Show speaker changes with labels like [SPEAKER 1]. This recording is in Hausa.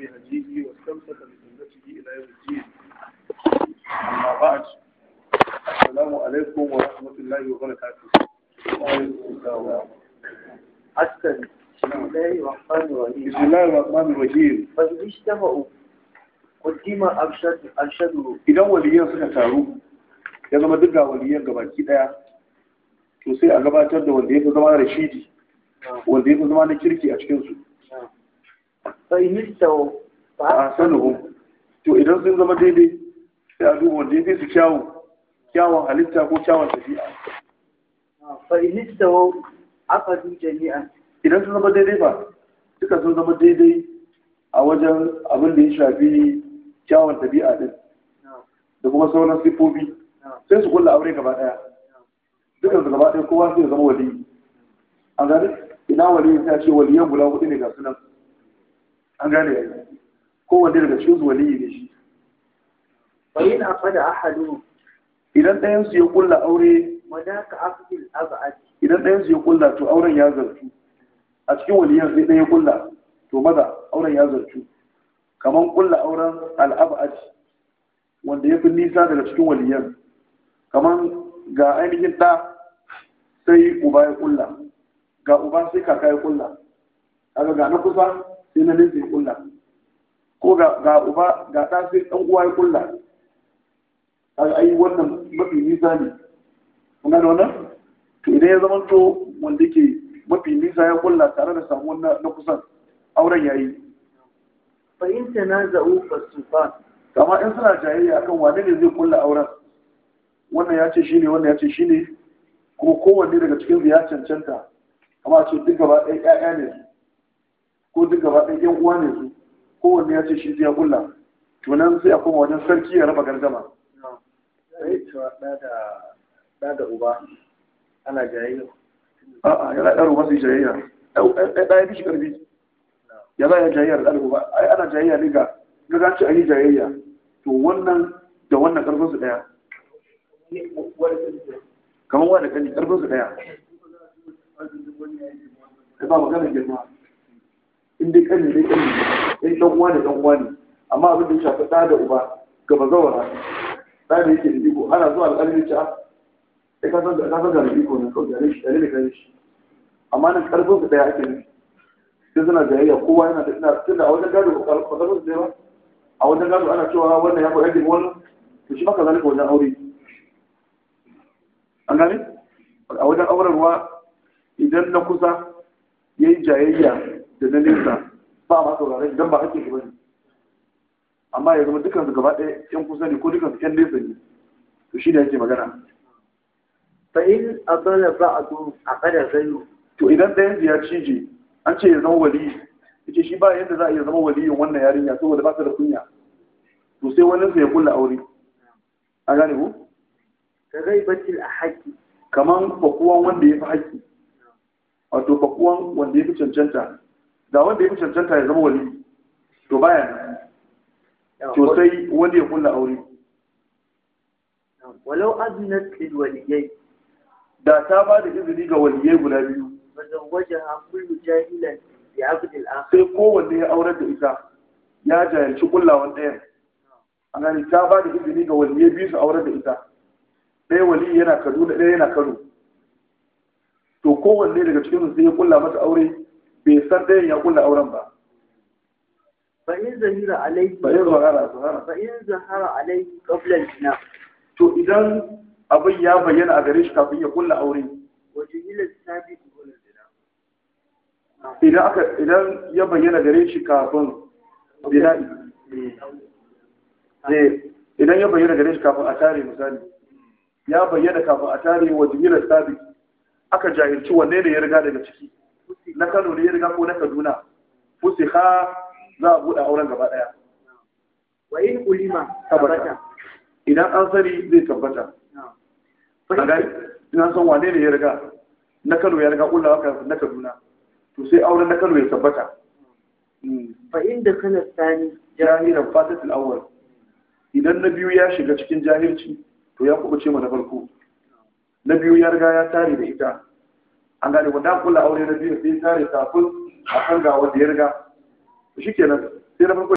[SPEAKER 1] بهديه واستمسك بسنته الى يوم الدين. اما بعد السلام عليكم ورحمه الله وبركاته. وعليكم السلام. بسم الله الرحمن الرحيم. بسم الله الرحمن الرحيم. kuntima arshadu idan waliyan suka taru ya zama duka waliyan gabaki daya to a gabatar da wanda ya fi zama da shidi wanda ya fi zama na kirki a cikinsu sai ba a ah, sanuhu to idan sun zama daidai sai a duba wanda ya su kyawu kyawun halitta ko kyawun tafiya fa ah, mistau aka du jami'an idan sun zama daidai ba duka sun zama daidai a wajen abin da ya shafi kyawun tabi'a din ah. da kuma sauran sifofi sai su kulla aure gaba daya dukan su gaba daya kowa sai ya zama wali a gani ina wali ta ce waliyan guda hudu ne ga sunan an gane ya kowanne daga cikin wani ne shi yi a fada hadu idan ɗayan su ya kulla aure wadaka afil az'ati idan ɗayan su ya kulla to auren ya zartu a cikin waliyan sai ɗaya kulla to maza auren ya zartu kamar kulla auren al'ab'ati wanda ya fi nisa daga cikin waliyan kamar ga ainihin ɗa sai uba ya kulla ga uba sai kaka ya kulla kaga ga na kusa sai na nufi kulla ko ga uba ga ɗa sai ɗan uwa ya kulla kaga ai wannan mafi nisa ne kun gane wannan to idan ya zama to wanda ke mafi nisa ya kulla tare da samuwar na kusan auren yayi fahimta na za'u fa. kama in suna jayayya akan wane ne zai kulla auren wannan ya ce shine wannan ya ce shine kuma kowanne daga cikin ya cancanta amma a ce duk gaba ɗaya ƴaƴa ne ko duk gaba ɗaya yan uwa ne su kowanne ya ce shi zai kulla to nan sai a koma wajen sarki ya raba gardama da ɗaga uba ana jayayya a'a yana ɗaro masu jayayya ɗaya bishi ƙarfi ya za a jayayya da ɗaro uba ai ana jayayya ne ga ga ci a yi jayayya to wannan da wannan ƙarfinsu ɗaya kamar wani ƙarfinsu ɗaya ta ba magana girma in dai kani dai kani in dan uwa da dan uwa ne amma abin da shafi da da uba gaba bazawara da ne yake da iko ana zuwa alƙalin ta ah, sai ka san da ka san da iko ne kawai da shi da kai shi amma nan karfin su daya ake nufi sai suna jayayya kowa yana da ina tunda a wajen gado ba karfin su daya ba a wajen gado ana cewa wannan ya fi aikin wani to shi maka zalika wajen aure an gane a wajen auren ruwa idan na kusa ya yi jayayya da nesa ba ma saurare don ba hakkin shi bane amma ya zama dukkan su gaba ɗaya yan kusa ne ko dukkan su yan nesa ne to shi ne yake magana fa in adalla ba'du aqada zayu to idan ɗayan ya cije an ce ya zama wali yace shi ba yadda za a iya zama waliyin wannan yarinya saboda ba ta da kunya to sai wani sai ya kulla aure a gane ku ka gaibatil a haƙƙi kaman fakuwan wanda ya fi haƙƙi wato fakuwan wanda ya fi cancanta ga wanda ya fi cancanta ya zama wali to baya to sai wani ya kulla aure walau azinat lil waliyai da ta ba da izini ga waliyai guda biyu fazawwajaha kullu jahilan bi abd al akhar sai kowanne ya aurar da ita ya jahilci kullawan ɗayan an gani ta ba da izini ga waliyai biyu su aurar da ita ɗaya wali yana kaduna ɗaya yana kano to kowanne daga cikin sai ya kulla mata aure bai san ɗayan ya kula auren ba fa in zahira alaihi fa'in zahara fa in zahara alaihi qabla al-jina to idan abin ya bayyana a gare shi kafin ya kula aure kula jina idan aka idan ya bayyana gare shi kafin bina'i eh. eh, idan ya bayyana gare shi kafin a tare misali ya bayyana kafin a tare wa jimilar sabi aka jahilci wanne ne ya riga daga ciki na Kano ne ya riga ko na Kaduna ha za a buɗe auren gaba ɗaya wa in ulima tabbata idan an sani zai tabbata kaga ina san wane ne ya riga na Kano ya riga kullawa kan na Kaduna to sai auren na Kano ya tabbata hmm. fa inda kana tsani jahiran fatatul awwal idan na biyu ya shiga cikin jahilci to ya kuɓuce ma na farko na biyu ya riga ya tare da ita an gane wanda kula aure na biyu sai tare kafin a kan ga wanda ya riga shi kenan sai na